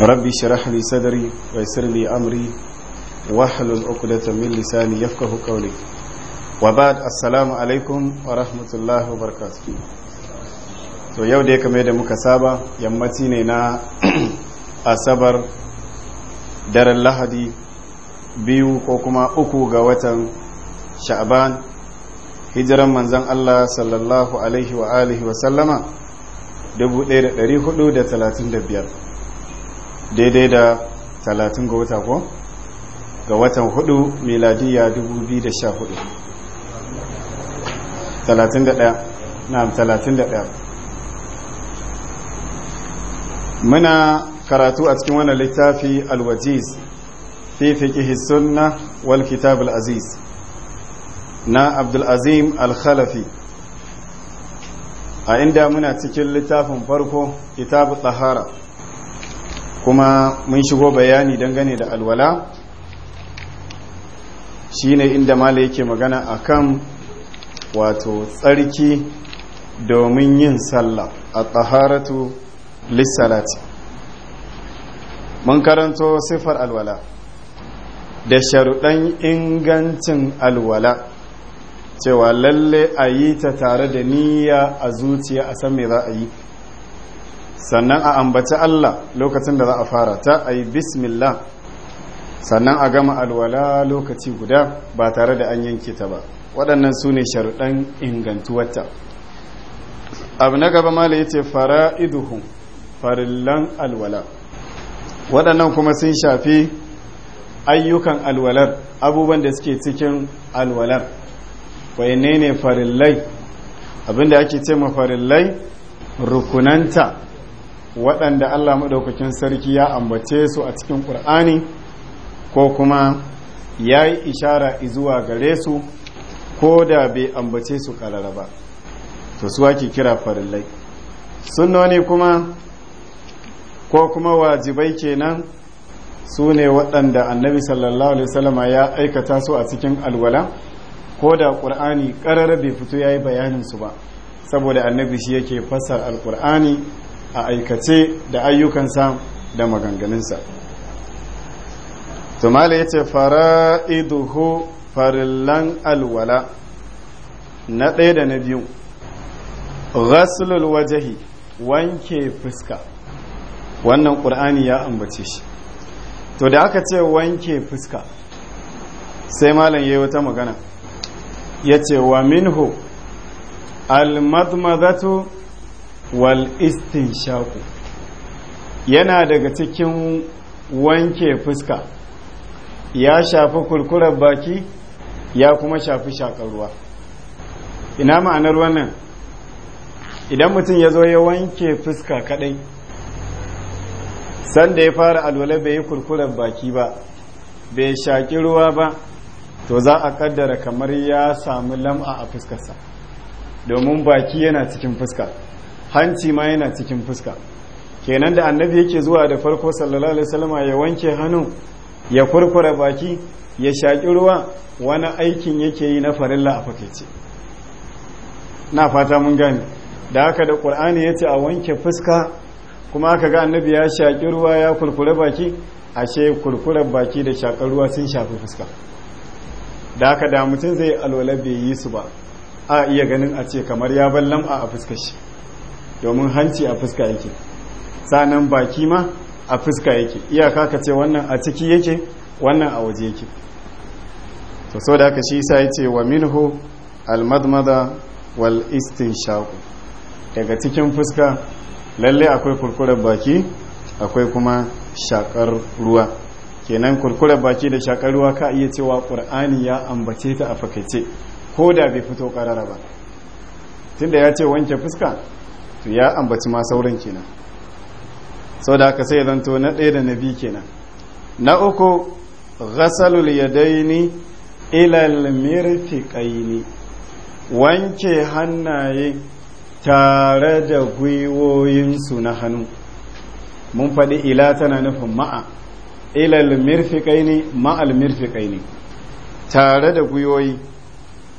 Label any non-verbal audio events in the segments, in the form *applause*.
rabbi shirah li sadri wa yassir li amri wahlul uqdatan min lisani yafqahu qawli wa ba'd assalamu alaikum wa rahmatullahi wa barakatuh to yau da kamar da muka saba yammaci ne na *clears throat* asabar daren lahadi biyu ko kuma uku ga watan sha'ban hijiran manzan Allah sallallahu alaihi wa alihi wa sallama 1435 daidai da 30 ga wata ko ga watan 4 miladiya 2014 na muna karatu a cikin wani littafi alwajiz fi fiqhi sunna wal kitab al-aziz na abdul azim al-khalafi a inda muna cikin littafin farko kitab tahara kuma mun shigo bayani dangane da alwala shine inda mala yake magana akan wato tsarki domin yin sallah a taharatu lissalati mun karanto siffar alwala da sharuɗan ingancin alwala cewa lalle a yi ta tare da niyya a zuciya a san me za a yi sannan a ambaci Allah lokacin da za a fara ta a yi bismillah sannan a gama alwala lokaci guda ba tare da an yanke ta ba waɗannan su ne sharuɗan ingantuwarta abu na gaba mala ya ce fara'iduhu farillan alwala waɗannan kuma sun shafi ayyukan alwalar abubuwan da suke cikin alwalar wayanne ne farillai abinda ake ce ma rukunanta waɗanda Allah maɗaukakin sarki ya ambace su a cikin ƙur'ani ko kuma ya yi ishara izuwa gare su ko da bai ambace su ƙarara ba to su ake kira farillai sunnoni kuma ko kuma wajibai kenan su ne waɗanda annabi sallallahu alaihi wasallama ya aikata su a cikin alwala ko da ƙur'ani ƙarara bai fito ya yi bayaninsu ba saboda annabi shi yake fassar alƙur'ani a aikace da ayyukansa da maganganunsa tumali ya ce iduhu farillan alwala na ɗaya da na biyu rasulul wajahi wanke fuska wannan ƙur'ani ya ambace shi to da aka ce wanke fuska sai malam ya yi wata magana ya ce wa minhu almadmadatu wal shaku yana daga cikin wanke fuska ya shafi kurkurar baki ya kuma shafi shakar ruwa ina ma'anar wannan idan mutum ya zo ya wanke fuska kadai sanda ya fara alwale bai yi kurkurar baki ba bai shaki ruwa ba to za a kaddara kamar ya sami lam'a a fuskarsa domin baki yana cikin fuska hanci ma yana cikin fuska kenan da annabi yake zuwa da farko sallallahu alaihi wasallama ya wanke hannu ya kurkura baki ya shaki ruwa wani aikin yake yi na farilla a fakaice na fata mun gane da haka da ƙur'ani ya ce a wanke fuska kuma aka ga annabi ya shaki ruwa ya kurkura baki ashe kurkuren baki da shakar ruwa sun shafi fuska da haka da mutum zai alwala bai yi su ba a iya ganin a ce kamar ya ballam a fuskar shi domin hanci a fuska yake sanan baki ma a fuska yake iyaka ka ce wannan a ciki yake wannan a waje yake to so da haka shi ya ce wa minhu almadmada wal istinshaq daga cikin fuska lalle akwai kurkurar baki akwai kuma shakar ruwa kenan kurkurar baki da shakar ruwa ka iya cewa qur'ani ya ambace ta a fakaice ko da bai fito karara ba tunda ya ce wanke fuska to ya ambaci ma sauran kenan sau da aka sai zanto na ɗaya da na biyu kenan na uku ghasalul yadaini ilal mirfiqaini wanke hannaye tare da gwiwoyinsu na hannu mun faɗi ila tana nufin ma'a ilal mirfiqaini ma'al mirfiqaini tare da gwiwoyi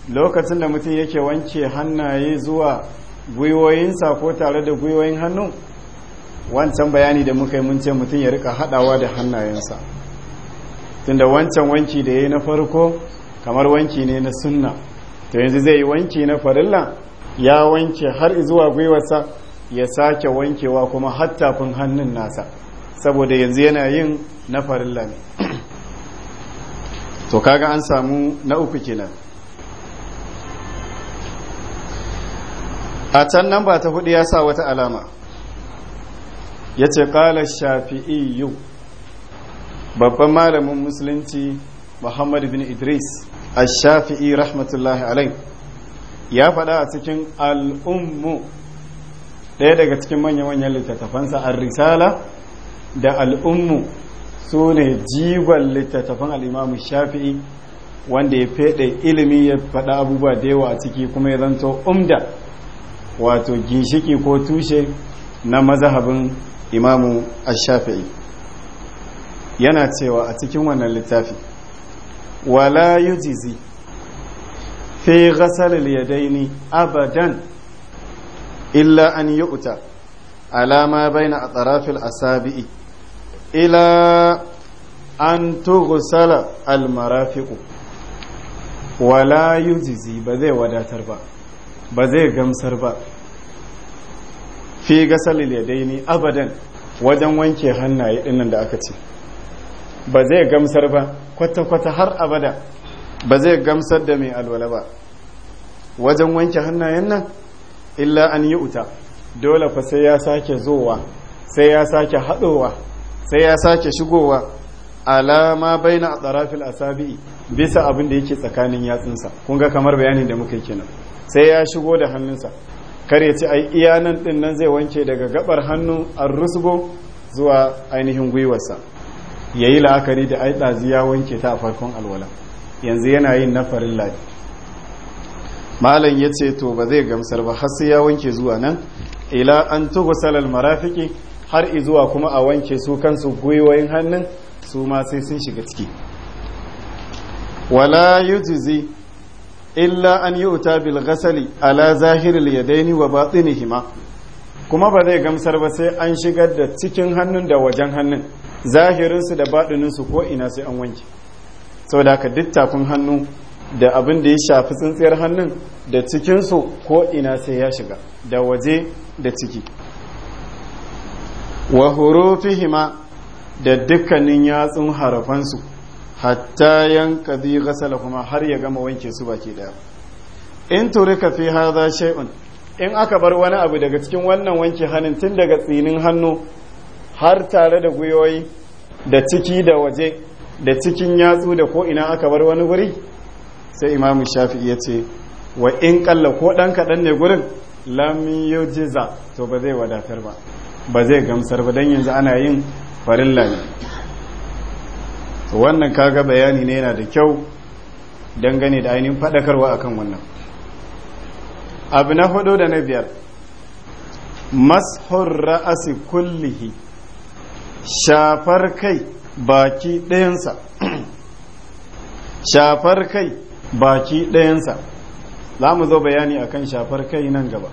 lokacin da mutum yake wanke hannaye zuwa gwiwoyinsa ko tare da gwiwoyin hannu wancan bayani da muka yi munce mutum ya rika hadawa da hannayensa tunda wancan wanki da ya yi na farko kamar wanki ne na sunna to yanzu zai yi wanki na farilla ya wanke har zuwa gwiwarsa ya sake wankewa kuma hattafin hannun nasa saboda yanzu yana yin na farilla ne to kaga an samu na uku kenan a can nan ba ta hudu ya sa wata alama ya ce ƙala shafi'iyu babban malamin musulunci muhammad bin idris a shafii rahmatullahi alai ya faɗa a cikin al'ummu ɗaya daga cikin manya-manyan littattafansa a risala da al'ummu su ne jigon littattafan al'imamu shafi'i wanda ya feɗe ilimi ya faɗa abubuwa da yawa a ciki kuma ya zanto umda wato ginshiki ko tushe na mazhabin imamu a shafii yana cewa a cikin wannan littafi wala yujizi fi ghasal ya yadaini abadan illa an yu'ta ala ma bayna atraf a asabii ila an tughsala al-marafiq wala yujizi ba zai wadatar ba ba zai gamsar ba fi gasalil ya daini abadan wajen wanke hannaye dinnan da aka ce ba zai gamsar ba kwata-kwata har abada ba zai gamsar da mai alwala ba wajen wanke hannayen nan illa an yi uta dole fa sai ya sake zowa sai ya sake haɗowa sai ya sake shigowa alama bai a tsarafil asabi bisa abin da yake tsakanin yatsunsa kun ga kamar bayanin da muka yi kenan sai ya shigo da hannunsa kar ya ci ai iya nan din nan zai wanke daga gabar hannu an rusgo zuwa ainihin gwiwarsa ya yi la'akari da ai ɗazi ya wanke ta a farkon alwala yanzu yana yin na farin lafi malam ya ce to ba zai gamsar ba har sai ya wanke zuwa nan ila an tuhu salal marafiki har izuwa kuma a wanke su kansu gwiwoyin hannun su ma sai sun shiga ciki wala yujizi illa an yu'ta bil ghasali ala ya yadaini wa batinihima kuma ba zai gamsar ba sai an shigar da cikin hannu da wajen hannun zahirinsu da baɗininsu ko ina sai an wanke saboda haka duk hannu da abin da ya shafi tsintsiyar hannun da cikinsu ko ina sai ya shiga da waje da ciki wa hurufihima da dukkanin yatsun harafansu hatta yanqadi kuma har ya gama wanke su baki daya in turika fi za shay'un in aka bar wani abu daga cikin wannan wanke hannun tun daga tsinin hannu har tare da gwiwoyi da ciki da waje da cikin yatsu da ko ina aka bar wani wuri sai imamu shafi'i ya ce wa in kalla ko ɗan kaɗan ne gurin lami yau to ba zai wadatar ba ba zai gamsar ba don yanzu ana yin farin lami. to wannan kaga bayani ne yana da kyau dangane da ainihin faɗakarwa akan wannan abu na hudu da na biyar mashur ra'asi kullihi shafar kai baki ɗayansa shafar kai baki ɗayansa za mu zo bayani akan shafar kai nan gaba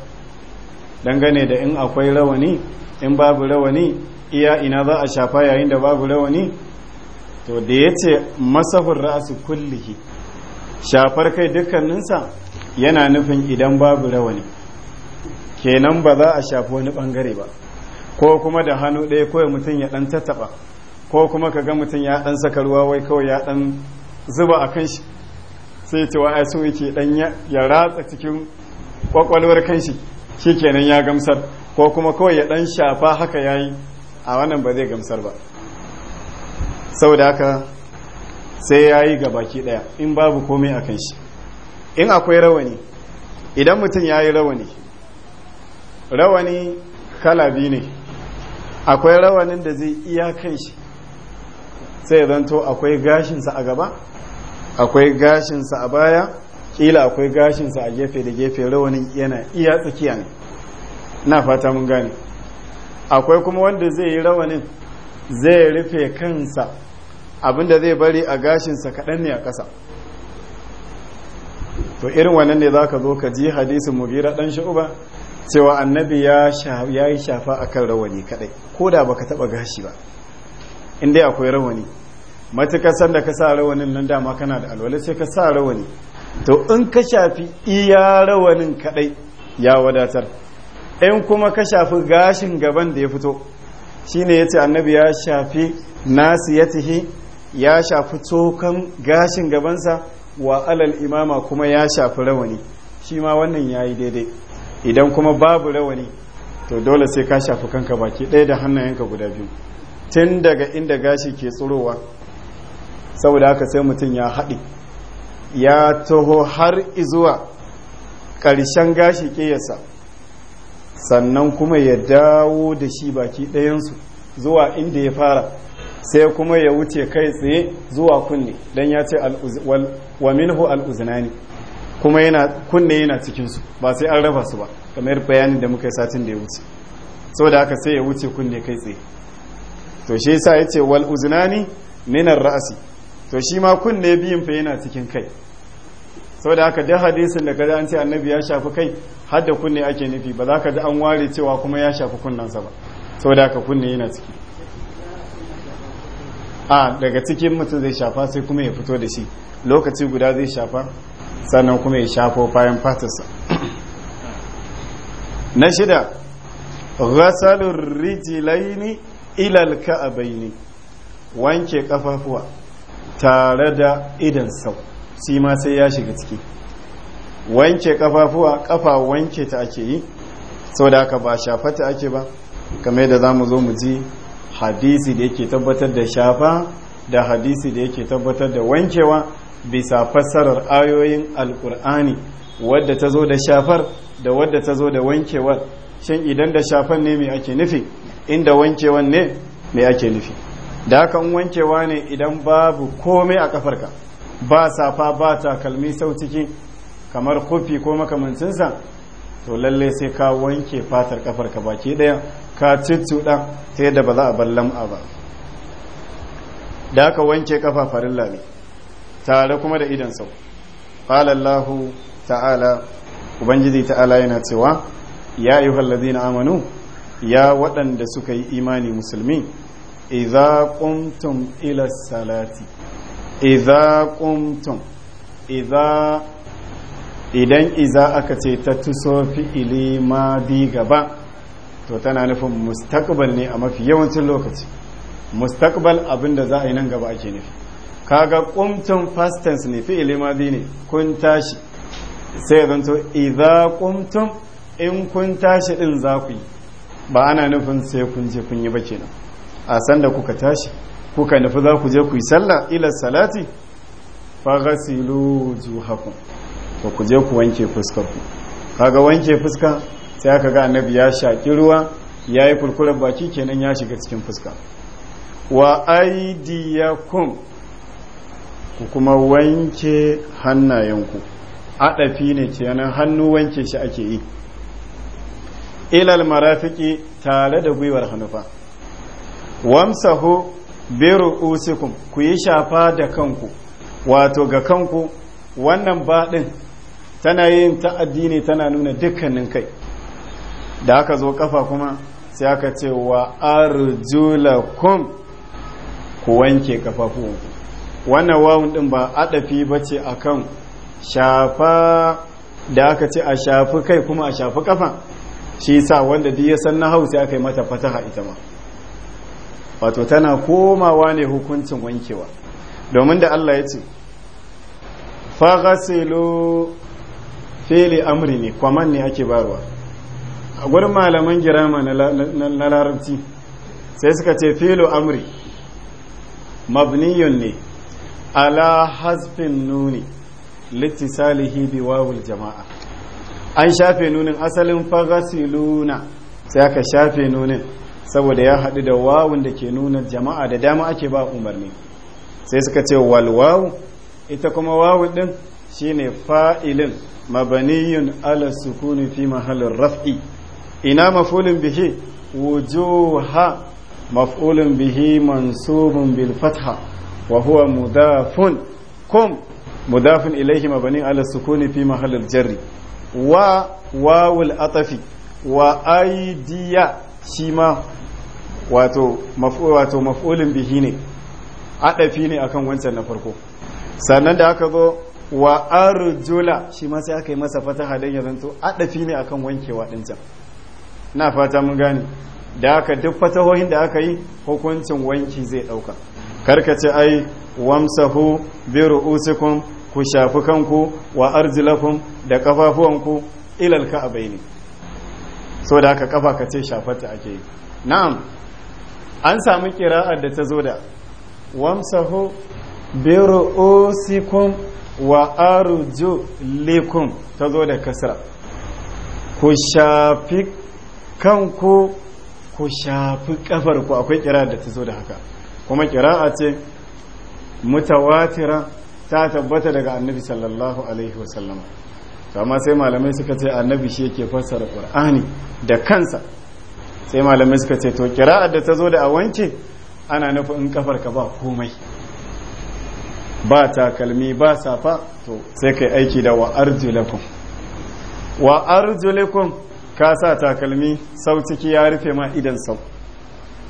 dangane da in akwai rawani in babu rawani iya ina za a shafa yayin da babu rawani to da ya ce masahun ra'asu kullihi shafar kai dukkaninsa yana nufin idan babu rawani kenan ba za a shafi wani bangare ba ko kuma da hannu ɗaya kawai mutum ya ɗan tattaɓa ko kuma ka ga mutum ya ɗan saka ruwa wai kawai ya ɗan zuba a kan shi sai ta wa so yake ɗan ya ratsa cikin kwakwalwar kan shi shi kenan ya gamsar ko kuma kawai ya ɗan shafa haka yayi a wannan ba zai gamsar ba Sau da haka sai ya yi ga baki daya in babu komai a kanshi shi in akwai rawani idan mutum ya yi rawani rawani kala biyu ne akwai rawanin da zai iya kan shi sai zanto akwai gashinsa a gaba akwai gashinsa a baya kila akwai gashinsa a gefe da gefe rawanin yana iya tsakiya ne na fata mun gane akwai kuma wanda zai yi rawanin zai rufe kansa abinda zai bari a gashinsa kaɗan ne a ƙasa to irin wannan ne za ka zo ka ji hadisin mugira ɗan sha'uba cewa annabi ya yi shafa a kan rawani kaɗai ko da ba ka taɓa gashi ba inda akwai rawani matuƙar da ka sa rawanin nan dama kana da alwala sai ka sa rawani to in ka shafi iya rawanin kaɗai ya wadatar in kuma ka shafi gashin gaban da ya fito shine yace annabi ya shafi nasiyatihi ya tihi ya shafi tsokan gashin gabansa wa alal imama kuma ya shafi rawani shi ma wannan yayi daidai idan kuma babu rawani to dole sai ka shafi kanka baki ɗaya da hannayenka guda biyu tun daga inda gashi ke tsurowa saboda haka sai mutum ya haɗi ya taho har izuwa ƙarshen gashi ƙiyasa sannan kuma ya dawo da shi baki ɗayansu zuwa inda ya fara sai kuma ya wuce kai tsaye zuwa kunne don ya ce wa minhu ne. kuma yana kunne yana cikinsu ba sai an raba su ba kamar bayanin da muka yi satin da ya wuce so da haka sai ya wuce kunne kai tsaye to shi sa ya ce wal’uzina ne minar ra'asi to shi ma kunne biyun fa yana cikin kai sau da haka da hadisin da kaji an ce annabi ya shafi kai har da kunne ake nufi ba za ka ji an ware cewa kuma ya shafi kunnensa ba da haka kunne yana ciki a daga cikin mutum zai shafa sai kuma ya fito da shi lokaci guda zai shafa sannan kuma ya shafo bayan fatarsa na shida ghasalur rijilaini ilal ne wanke kafafuwa tare da idan sau si ma sai ya shiga ciki wanke kafafuwa kafa wanke ta ake yi da aka ba shafata ake ba kamar da za mu zo mu ji hadisi da yake tabbatar da shafa da hadisi da yake tabbatar da wankewa bisa fassarar ayoyin alkur'ani wadda ta zo da shafar da wadda ta zo da wankewar shan idan da shafan ne mai ake nufi inda wankewan ne mai ake nufi da aka wankewa ne idan babu komai a kafarka ba safa ba takalmi sau ciki kamar kofi ko makamancinsa to lalle sai ka wanke fatar kafar ka baki daya ka cicciɗa ta yadda ba za a ballam'a ba da aka wanke kafa farin lami tare kuma da idan sau falallahu ta'ala ubangiji ta'ala yana cewa ya yi hallazi na amanu ya waɗanda suka yi imani musulmi idza qumtum ila salati Iza qumtum idza idan iza aka ce ta tuso fi'ili ma bi gaba to tana nufin mustaqbal ne a mafi yawancin lokaci mustaqbal abinda za a yi nan gaba ake nufi kaga kumtun past tense ne fi'ili ma bi ne kun tashi sai zanto iza kumtun in kun tashi din za ku yi ba ana nufin sai kun je kun yi ba kenan a san da kuka tashi kuka nufi za ku je ku yi sallah ila salati faghasilu wujuhakum to ku je ku wanke ku kaga wanke fuska sai aka ga annabi ya shaki ruwa yayi kurkuren baki kenan ya shiga cikin fuska wa aydiyakum ku kuma wanke hannayenku adafi ne kenan hannu wanke shi ake yi ilal marafiki tare da gwiwar hannufa wamsahu bero usikum ku yi shafa da kanku wato ga kanku wannan baɗin tana yin ta'addi ne tana nuna dukkanin kai da aka zo kafa kuma sai aka ce wa arjulakum ku wanke kafafuwanku wannan wawun din ba adafi bace akan shafa da aka ce a shafi kai kuma a shafi kafa shi sa wanda duk ya san na hausa aka yi mata fataha ita ma wato tana komawa ne hukuncin wankewa domin da Allah ya ce fagasilo fili amri ne kwaman ne ake barwa a gurin malaman girama na larabci sai suka ce filo amri mabniyun ne ala hasbin nuni littisalihi bi wawul jama'a an shafe nunin asalin fagasiluna sai aka shafe nunin saboda ya haɗu da wawun da ke nuna jama'a da dama ake ba umarni sai suka ce walwawu ita kuma wawu ɗin shi ne fa'ilin mabaniyun ala sukuni fi mahallin raf'i ina mafulin bihi ha mafulin bihi mansubun bil fatha wa huwa mudafun kum mudafun ilaihi mabani ala sukuni fi mahallin jarri wa wawul atafi wa aidiya shi ma wato wato maf'ulin bihi ne adafi ne akan wancan na farko sannan da aka zo wa arjula shi ma sai aka yi masa fataha dan ya zanto adafi ne akan wankewa din can na fata mun gane da aka duk fatahohin da aka yi hukuncin wanki zai dauka karkace ai wamsahu bi ru'usikum ku shafi kanku wa arjulakum da kafafuwanku ilal ka'abaini so da aka kafa ka ce shafarta ake yi na'am an samu kira'ar da ta zo da wamsahu bi Osikun, wa lekun ta zo da kasra ku shafi kanku ku shafi ku akwai kira'ar da ta zo da haka kuma kira'a ce mutawatira ta tabbata daga annabi sallallahu alaihi wasallama kama sai malamai suka ce annabi shi yake fassara ƙwar'ani da kansa sai malamai suka ce to kira'ar da ta zo da a wanke ana nufin kafar ka ba komai ba takalmi ba safa to sai kai aiki da wa'ar arjulakum wa'ar arjulakum ka sa takalmi sau ciki ya rufe ma idan sau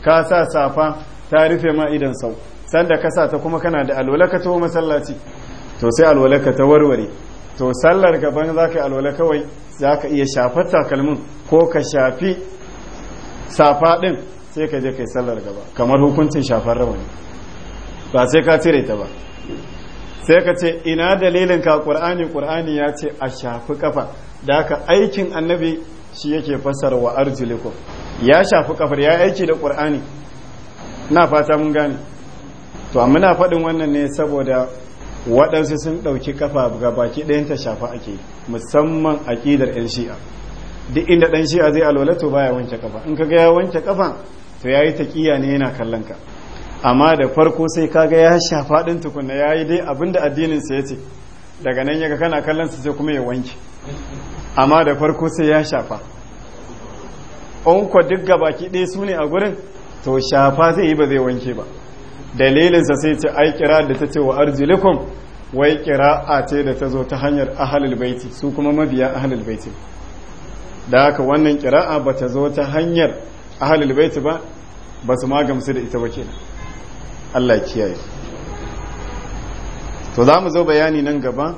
ka sa safa ta rufe ma idan sau sanda ka sa ta kuma kana da alwala ka taho masallaci to sai alwala ka ta warware to sallar gaban za ka yi alwala kawai za ka iya shafar takalmin ko ka shafi safa din sai ka je kai sallar gaba kamar hukuncin shafar rawani ba sai ka cire ta ba sai ka ce ina dalilin ka qur'ani qur'ani ya ce a shafi kafa da haka aikin annabi shi yake fassara wa arjulikum ya shafi kafar ya aiki da qur'ani na fata mun gane to amma na faɗin wannan ne saboda waɗansu sun ɗauki kafa ga baki ɗayan ta shafa ake musamman aƙidar 'yan shi'a duk inda dan a zai alwala to baya wanke kafa in kaga ya wanke kafa to yayi taqiya ne yana kallon ka amma da farko sai kaga ya shafa din tukunna yayi dai abinda addinin sa yace daga nan yaga kana kallon sa sai kuma ya wanke amma da farko sai ya shafa on ko duk gabaki ɗaya su ne a gurin to shafa zai yi ba zai wanke ba dalilinsa sai ce ai kira da ta ce wa arjulikum wai kira'a ce da ta zo ta hanyar ahlul baiti su kuma mabiya ahlul baiti da haka wannan kira'a ba ta zo ta hanyar ahalil baiti ba ba su magamsu da ita ba kenan Allah kiyaye to za mu zo bayani nan gaba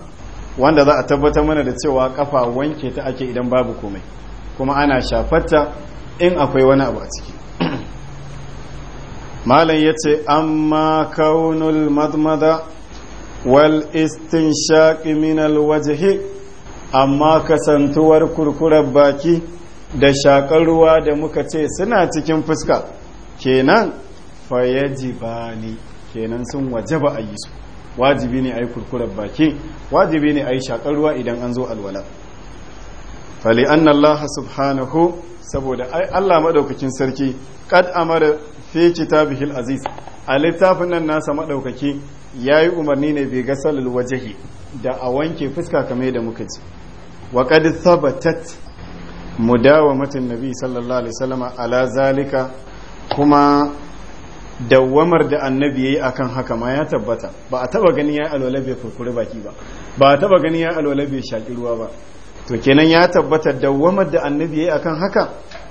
wanda za a tabbatar mana da cewa kafa wanke ta ake idan babu komai kuma ana shafarta in akwai wani abu a ciki *clears throat* malam ya ce amma kaunul madmada wal istinshaqi min alwajhi amma kasantuwar kurkurar baki da shakar ruwa da muka ce suna cikin fuska kenan fayaji ba ne kenan sun wajaba a yi su wajibi ne a yi kurkurar baki wajibi ne a yi shakar ruwa idan an zo alwala fali an Allah subhanahu saboda Allah maɗaukakin sarki kad amara fi kitabihil aziz a littafin nan nasa maɗaukaki ya yi umarni ne bai ga salul wajahi da a wanke fuska kamar da muka ci wa qad thabatat mudawamatan nabi sallallahu alaihi wasallam ala zalika kuma dawamar da annabi yayi akan haka ma ya tabbata ba a taba ganin ya alwala bai kurkure baki ba ba a taba gani ya alwala bai shaki ruwa ba to kenan ya tabbata dawamar da annabi yayi akan haka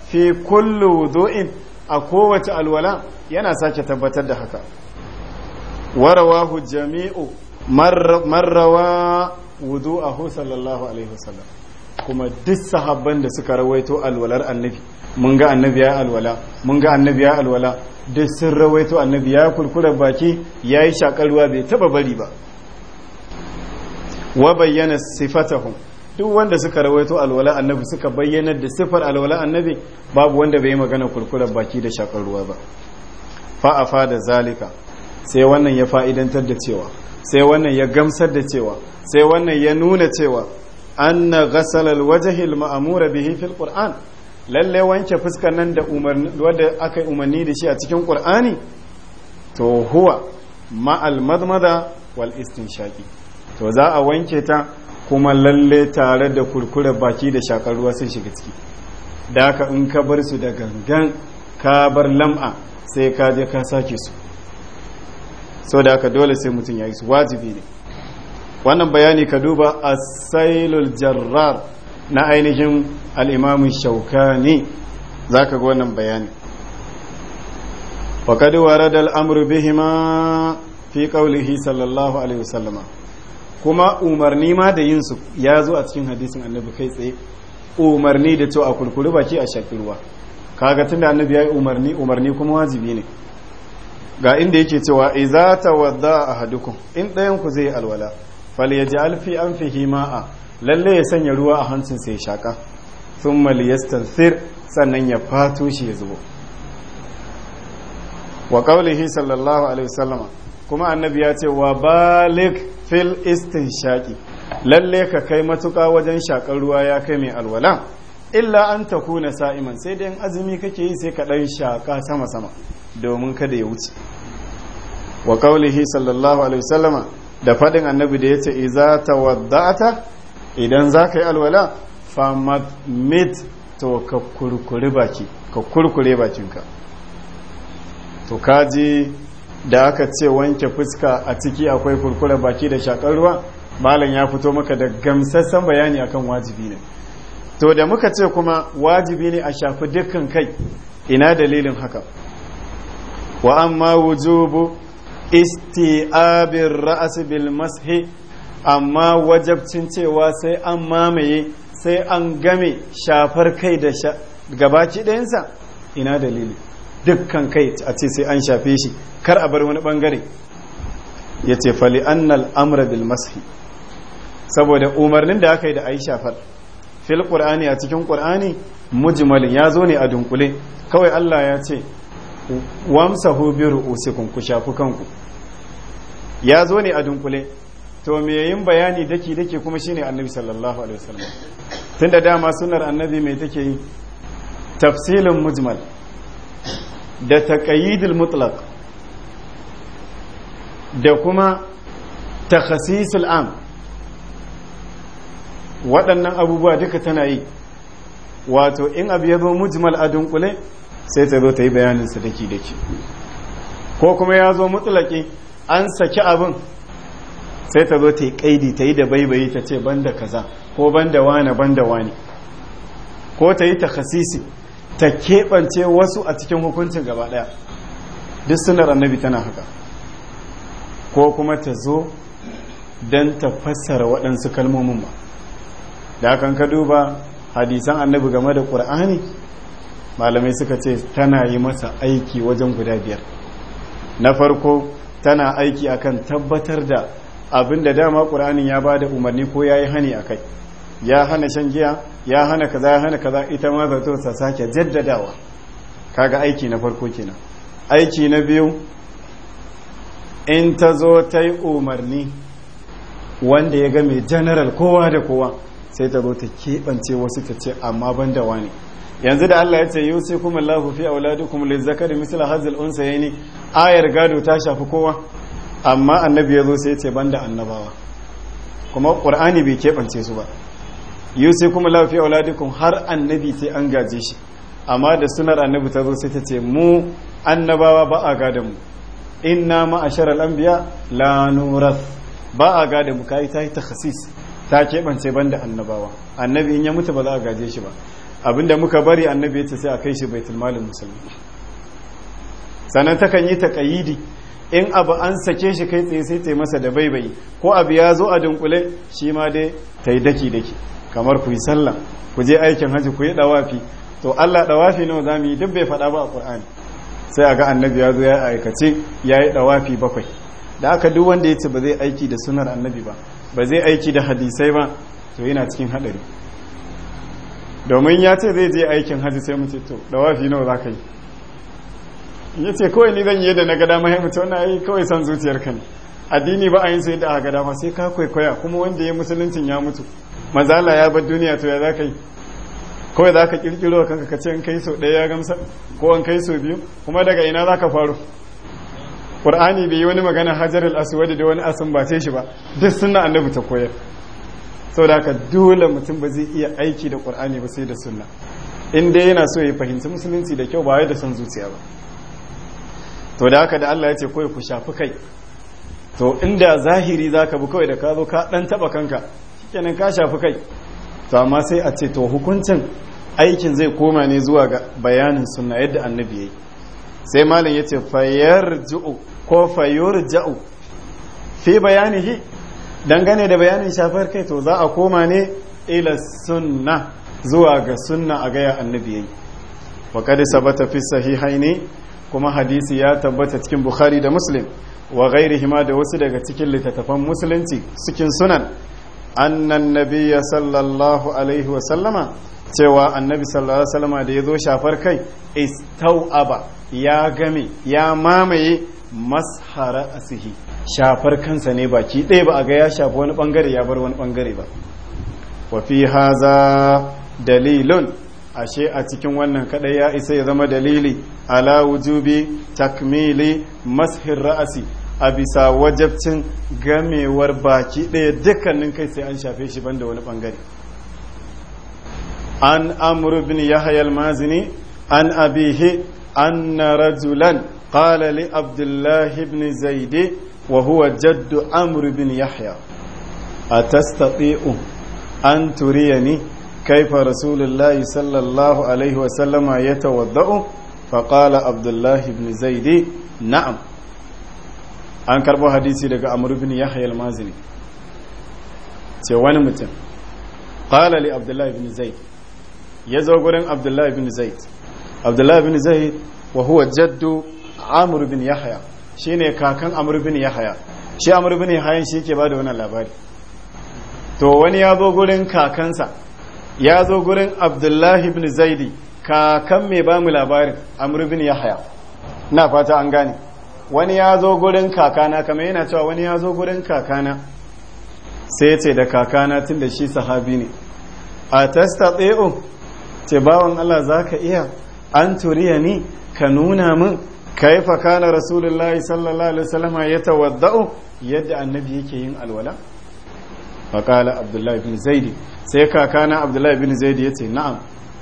fi kullu wudu'in a kowace alwala yana sake tabbatar da haka warawahu jami'u marrawa Wudu wudu'ahu sallallahu alaihi wasallam kuma duk sahabban da suka rawaito alwalar annabi mun ga annabi ya alwala mun ga annabi ya alwala duk sun rawaito annabi ya kulkura baki ya yi shakarwa bai taba bari ba wa bayyana sifatahum duk wanda suka rawaito alwala annabi suka bayyana da sifar alwala annabi babu wanda bai magana kulkura baki da shakarwa ba fa afa da zalika sai wannan ya fa'idantar da cewa sai wannan ya gamsar da cewa sai wannan ya nuna cewa anna ghasalal wajhi al ma'mura bihi fil qur'an lalle wanke fuskar nan da umarni wanda aka umarni da shi a cikin qur'ani to huwa ma al madmada wal istinshaqi to za a wanke ta kuma lalle tare da kurkure baki da shakar ruwa sun shiga ciki da haka in ka bar su da gangan ka bar lam'a sai ka je ka sake su da haka dole sai mutum ya yi su wajibi ne wannan bayani ka duba sailul jarrar na ainihin al'imamin ne za ka ga wannan bayani faƙad radar al'amuru ma fi ƙaulihi sallallahu alaihi wasallama kuma umarni ma da yinsu ya zo a cikin hadisin annabi kai tsaye umarni da cewa a kurkuri baki a shaƙi ruwa kaga tunda annabi ya yi umarni umarni kuma wajibi ne ga inda yake cewa wadda tawadda ahadukum in ɗayan ku zai alwala falyaj'al fi anfihi ma'a lalle ya sanya ruwa a hancin sai shaka thumma liyastanthir sannan ya fato shi ya zubo wa qawlihi sallallahu alaihi wasallama kuma annabi ya ce wa balik fil istinshaqi lalle ka kai matuka wajen shakar ruwa ya kai mai alwala illa an takuna sa'iman sai dai azumi kake yi sai ka dan shaka sama sama domin kada ya wuce wa kaulihi sallallahu alaihi wasallama da fadin annabi da yace iza tawadda'ata idan zaka yi alwala mit to ka kurkure baki ka kurkure bakinka to kaji da aka ce wanke fuska a ciki akwai kurkure baki da shakar ruwa malam ya fito maka da gamsassan bayani akan wajibi ne to da muka ce kuma wajibi ne a shafi dukkan kai ina dalilin haka wa amma wujubu isti'abir ra'as bil mashi amma wajabcin cewa sai an mamaye sai an game shafar kai da gabaci ɗayansa ina dalili dukkan kai a ce sai an shafe shi kar a bar wani bangare yace fali annal amra bil saboda umarnin da aka yi da a yi shafar fil qur'ani a cikin qur'ani mujmalin ya zo ne a dunkule kawai Allah ya ce wamsahu bi ru'usikum ku shafi kanku ya zo ne a dunkule to me yin bayani daki dake kuma shine annabi sallallahu alaihi wasallam tunda dama sunnar annabi mai take yi tafsilin mujmal da taqayidul mutlaq da kuma takhasisul am waɗannan abubuwa duka tana yi wato in abu ya mujmal a dunkule sai ta zo ta yi bayaninsa daki daki ko kuma ya zo mutsulake an saki abin sai ta zo ta yi kaidi ta yi da baibayi ta ce banda kaza ko banda wane banda wane ko ta yi ta khasisi ta keɓance wasu a cikin hukuncin gaba ɗaya duk sunar annabi tana haka ko kuma ta zo dan ta fassara waɗansu kalmomin ba da kan ka duba hadisan annabi game da ƙur'ani malamai suka ce tana yi masa aiki wajen guda biyar na farko tana aiki akan tabbatar da abin da dama ƙur'anin ya ba da umarni ko ya yi hani a kai ya hana shan giya ya hana kaza ya hana kaza ita ma zato ta sake jaddadawa kaga aiki na farko kenan aiki na biyu in ta zo ta yi umarni wanda ya ga mai general kowa da kowa sai ta zo ta keɓance wasu ta ce amma ban da wani yanzu da Allah ya ce yusi kuma lahu fi auladukum zakari misla hazil unsayni ayar gado ta shafi kowa amma annabi ya zo sai ya ce banda annabawa kuma qur'ani bai keɓance su ba yusi kuma lahu fi auladukum har annabi sai an gaje shi amma da sunar annabi ta zo sai ta ce mu annabawa ba a gada mu inna ma ashara al-anbiya la nurath ba a gada mu kai ta yi takhsis ta keɓance banda annabawa annabi in ya mutu ba za a gaje shi ba abinda muka bari annabi ya ce sai a kai shi baitul malin musulmi sannan takan yi ta taƙayidi in abu an sake shi kai tsaye sai ta masa da baibayi ko abu ya zo a dunkule shi ma dai ta yi daki daki kamar ku yi sallah ku je aikin hajji ku yi dawafi to Allah dawafi nawa za mu yi duk bai faɗa ba a Qur'ani sai a ga annabi ya zo ya aikace ya yi dawafi bakwai da aka duk wanda ya ce ba zai aiki da sunar annabi ba ba zai aiki da hadisai ba to yana cikin haɗari domin ya ce zai je aikin hajji sai mace to dawafi nawa za ka yi ya ce kawai ni zan yi da na gada mahimmanci mutu na kawai san zuciyarka ne addini ba a yin sai da a gada ba sai ka kwaikwaya kuma wanda ya musuluncin ya mutu mazala ya bar duniya to ya za ka yi kawai za ka kirkiro kanka in kai sau ɗaya ya gamsa ko kai sau biyu kuma daga ina za ka faru ƙur'ani bai yi wani magana hajar al-aswad da wani asin ba ce shi ba duk sunna annabi ta koyar saboda haka dole mutum ba zai iya aiki da qur'ani ba sai da sunna in dai yana so ya fahimci musulunci da kyau ba wai da son zuciya ba to da haka da Allah ya ce kawai ku shafi kai to inda zahiri zaka bi kawai da ka zo ka dan taba kanka kenan ka shafi kai to amma sai a ce to hukuncin aikin zai koma ne zuwa ga bayanin sunna yadda annabi yayi sai malam yace fayarju ko fayurja'u fi bayanihi dangane da bayanin shafar kai to za a koma ne ila sunna zuwa ga sunna a gaya annabi wa ta sabata fi ne kuma hadisi ya tabbata cikin bukhari da muslim wa Hima da wasu daga cikin littattafan musulunci cikin sunan annan nabiyya sallallahu alaihi wa sallama cewa annabi sallallahu alaihi wasallama da ya zo shafar kai istau'aba ya game ya mamaye mashara asihi shafar kansa ne baki ɗaya ba a ga ya shafi wani ɓangare ya bar wani ɓangare ba wafi haza dalilun ashe a cikin wannan kaɗai ya isa ya zama dalili ala wujubi takmili mashin ra'asi a bisa wajabcin gamewar baki ɗaya dukkanin kai sai an shafe shi banda wani ɓangare an amru bin yahya al-mazini an abihi anna rajulan qala li Abdullahi ibn wa huwa jaddu amr bin yahya atastati'u an turiyani kaifa rasulullahi sallallahu alaihi wa sallama yatawadda'u faqala abdullah ibn zaid na'am an karbo hadisi daga amr bin yahya al-mazini wani mutum qala li abdullah ibn zaid yazo gurin abdullah ibn zaid abdullah ibn zaid wa huwa jaddu amr bin yahya Shi ne kakan Amurbin ya haya shi Amurbin ya hayan shi ba bada wannan labari to wani ya zo gurin kakansa ya zo gurin abdullahi ibn zaidi kakan mai ba mu labarin Amurbin ya haya na fata an gane wani ya zo gurin kakana kamar yana cewa wani ya zo gurin kakana sai ce da kakana tun da shi sahabi ne a testa tsaye ce bawan Allah za ka iya an turiya ni ka nuna min kaifa kana rasulullahi sallallahu alaihi wasallam ya tawadda'u yadda annabi yake yin alwala faqala abdullahi bin zaid sai kakana abdullahi bin zaid yace na'am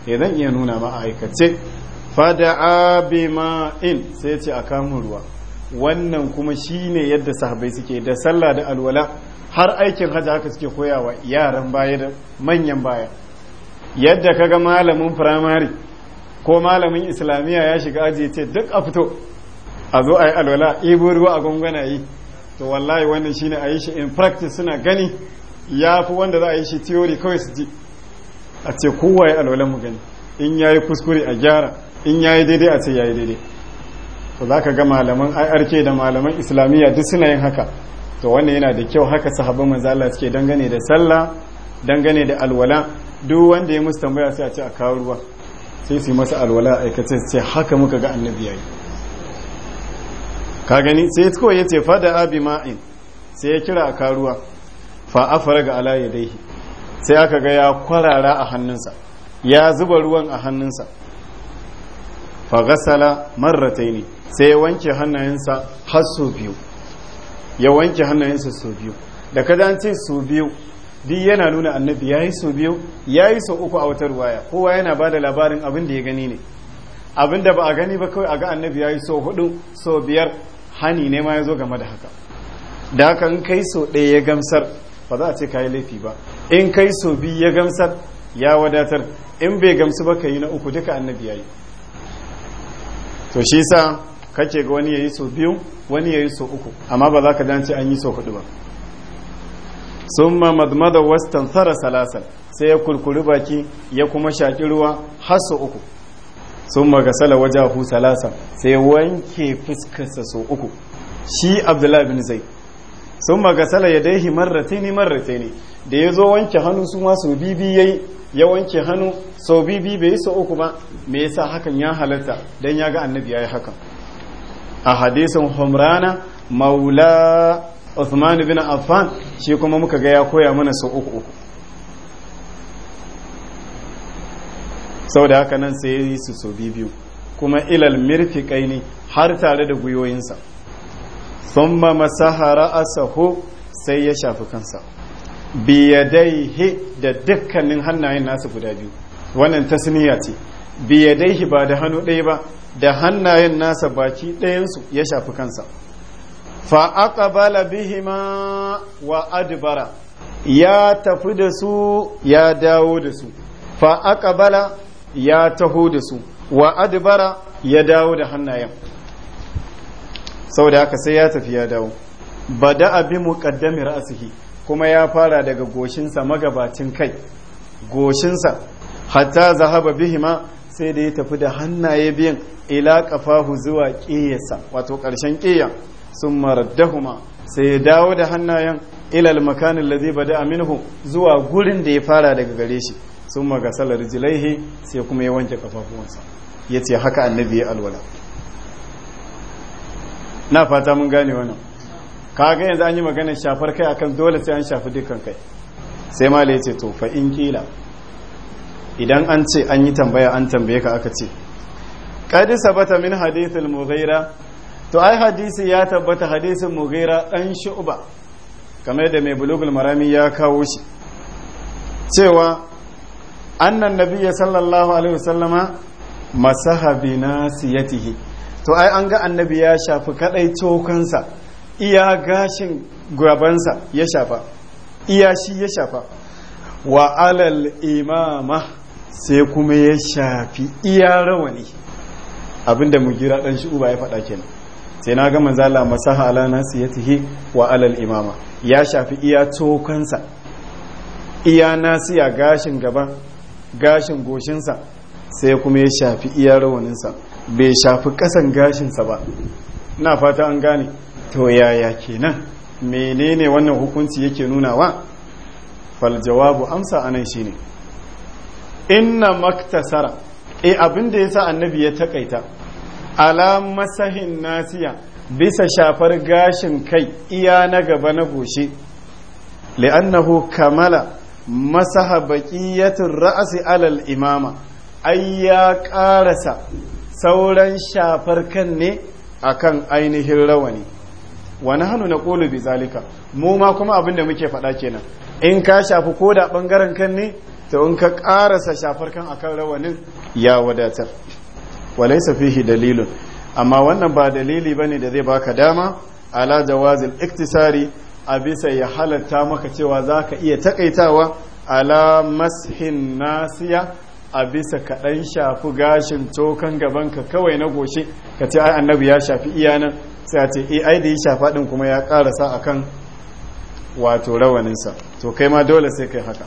eh iya nuna ma aikace fada'a bima'in sai ce a kamun ruwa wannan kuma shine yadda sahabai suke da sallah da alwala har aikin hajji haka suke koyawa yaran baya da manyan baya yadda ka ga malamin firamare ko malamin islamiyya ya shiga aji ce duk a fito a zo a yi alwala ibo ruwa a gwangwana yi to wallahi wannan ne a yi shi in practice suna gani ya fi wanda za a yi shi theory kawai su ji a ce kowa ya alwalan mu gani in ya yi kuskure a gyara in ya yi daidai a ce ya yi daidai to za ka ga malaman irk da malaman islamiyya duk suna yin haka to wannan yana da kyau haka sahabban manzo Allah suke dangane da sallah dangane da alwala duk wanda ya musu tambaya sai a ce a kawo ruwa sai su yi masa alwala aikace ce haka muka ga annabi yayi ka gani sai ya kawai ya ce fada abi ma'in sai ya kira a karuwa fa ga ala ya daihi sai aka ga ya kwarara a hannunsa ya zuba ruwan a hannunsa fagasala gasala ne sai ya wanke hannayensa har sau biyu ya wanke hannayensa sau da kada an ce biyu duk yana nuna annabi ya yi sau biyu ya yi sau uku a wata ruwaya kowa yana ba da labarin abin da ya gani ne abin da ba a gani ba kawai a ga annabi ya yi sau hudu sau biyar hani ne ma ya zo game da haka da haka in kai sau ɗaya ya gamsar ba za a ce ka yi laifi ba in kai sau biyu ya gamsar ya wadatar in bai gamsu ba ka yi na uku duka annabi ya yi to shi sa kake ga wani ya yi sau biyu wani ya yi sau uku amma ba za ka dace an yi sau hudu ba summa madmada wastan thara salasan sai ya kurkuri baki ya kuma shaki ruwa har su uku summa gasala wajahu salasan sai wanke fuskarsa su uku shi abdullahi bin zaid summa gasala yadayhi marrataini marrataini da ya zo wanke hannu su ma su bibi yayi ya wanke hannu sau bibi bai yi su uku ba me yasa hakan ya halatta dan ya ga annabi ya yi hakan a hadisin humrana maula Uthman bin Affan shi kuma muka ga ya koya mana sau uku uku saboda haka nan sai ya yi su sau biyu kuma ilal mirfiƙai ne har tare da gwiwoyinsa sun ma masahara sai ya shafi kansa biyadaihi da dukkanin hannayen nasa guda biyu wannan tasniya ce biyadaihi ba da hannu ɗaya ba da hannayen nasa baki ɗayansu ya shafi kansa fa aqbala bihima wa adbara ya tafi da su ya dawo da su fa aqbala ya taho da su wa adbara ya dawo da hannayen saboda haka sai ya tafi ya dawo bada bi muqaddami ra'sihi kuma ya fara daga goshinsa magabacin kai goshinsa hatta zahaba bihima sai da ya tafi da hannaye biyan ila kafahu zuwa ƙiyarsa wato ƙarshen ƙeya. sun maraddahuma sai ya dawo da hannayen ilal makanin lazi bada minhu zuwa gurin da ya fara daga gare shi sun magasalar jilaihi sai kuma ya wanke kafafuwansa ya ce haka annabi ya alwala na fata mun gane wannan kaga yanzu an yi magana shafar kai akan dole sai an shafi dukkan kai sai mala ya ce to fa in kila idan an ce an yi tambaya an tambaye ka aka ce qad sabata min hadithil mughira to ai hadisi ya tabbata hadisin mughira dan shu'ba kamar da mai bulugul marami ya kawo shi cewa annan nabiyya sallallahu alaihi wasallama masaha bi nasiyatihi to ai an ga annabi ya shafi kadai cokansa iya gashin gabansa ya shafa iya shi ya shafa wa alal imama sai kuma ya shafi iya rawani abinda mugira dan shi uba ya faɗa kenan sai na ga manzala masaha ala nasiyatihi wa alal imama ya shafi iya na iya ya gashin gaba, gashin goshinsa sai kuma ya shafi iya rawaninsa bai shafi kasan gashinsa ba na fata an gane to yaya kenan menene wannan hukunci yake nunawa fal jawabu amsa anan shine inna maktasara eh abinda yasa annabi ya takaita ala masahin nasiya bisa shafar gashin kai iya na gaba na goshe li'annahu kamala masaha baqiyatur ra'asi alal imama ai ya karasa sauran shafar kan ne kan ainihin rawani wani hannu na ƙolu bi zalika mu ma kuma abin da muke faɗa kenan in ka shafi ko da ɓangaren kan ne to in ka ƙarasa shafar kan akan rawanin ya wadatar walaysa fihi dalilun amma wannan ba dalili bane da zai baka dama ala jawazil iktisari a bisa ya halatta maka cewa zaka iya takaitawa ala mashin nasiya a bisa kaɗan shafi gashin tokan gabanka kawai na goshe ka ce ai annabi ya shafi iyanan sai a ce eh, ai da ya shafa ɗin kuma ya karasa akan kan wato rawaninsa to kai ma dole sai kai haka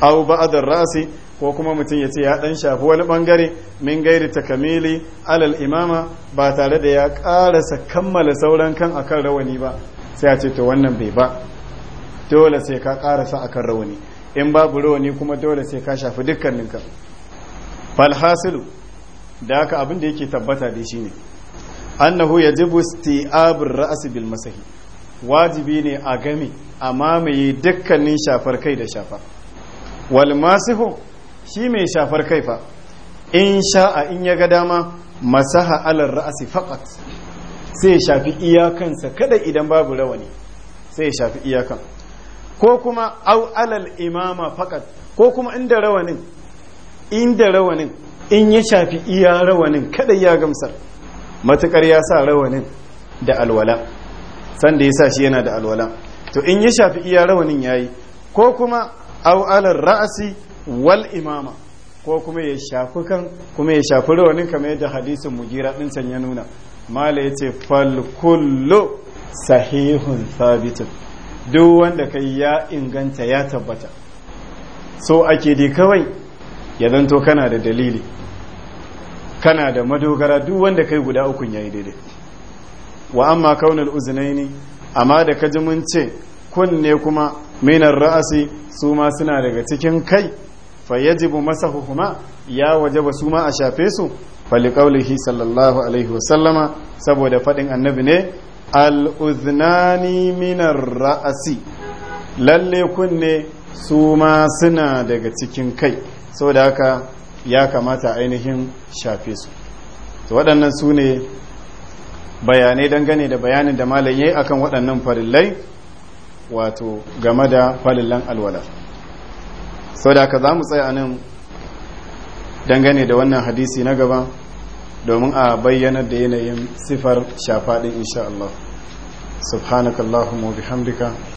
au ba'adar rasi ko kuma mutum ya ce ya dan shafi wani bangare min gairi takamili alal imama ba tare da ya karasa kammala sauran kan akan rawani ba sai a ce to wannan bai ba dole sai ka karasa akan rawani in babu rawani kuma dole sai ka shafi dukkaninka hasilu da haka abin da yake tabbata da shi ne. annahu yajibu isti'abur ra's bil masahi wajibi ne a game a mamaye dukkanin shafar kai da shafa wal masihu shi mai shafar kai fa in sha'a in ya ga dama masaha alar ra'asi faqat sai shafi iyakansa kada idan babu rawani sai shafi iyakan ko kuma au alal imama faqat ko kuma inda rawanin inda rawanin in ya shafi iya rawanin kada ya gamsar matukar ya sa rawanin da alwala sanda ya sa shi yana da alwala to in ya shafi iya rawanin yayi ko kuma au alal ra'asi wal imama ko kuma ya shafi kan kuma ya shafi rawanin kamar yadda hadisin mujira din can ya nuna mala yace fal kullu sahihun sabitin, duk wanda kai ya inganta ya tabbata so ake dai kawai ya zanto kana da dalili kana da madogara duk wanda kai guda ukun yayi daidai wa amma kaunal uznaini amma da kaji mun ce kunne kuma minar ra'asi su ma suna daga cikin kai fa yajibu masahuhuma ya wajaba su ma a shafe su Fali faliqaulihi sallallahu alaihi wasallama saboda faɗin annabi ne al minar ra'asi lalle kunne su ma suna daga cikin kai saboda haka ya kamata ainihin shafe su to waɗannan su ne bayanai dangane da bayanin da malam yayi akan waɗannan farillai wato game da farillan alwala sau da ka za mu tsaya nan dangane da wannan hadisi na gaba domin a bayyana da yanayin sifar shafaɗin insha Allah subhanakallahumma bihamdika